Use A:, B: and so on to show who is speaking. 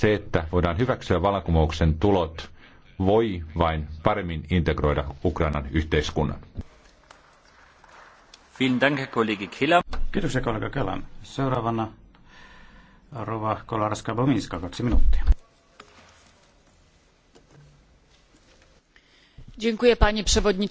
A: Se, että voidaan hyväksyä vallankumouksen tulot, voi vain paremmin integroida Ukrainan yhteiskunnan.
B: Kiitoksia kollega Kelan. Seuraavana Rova Kolaraska bominska kaksi minuuttia.
C: Dziękuję panie przewodniczący.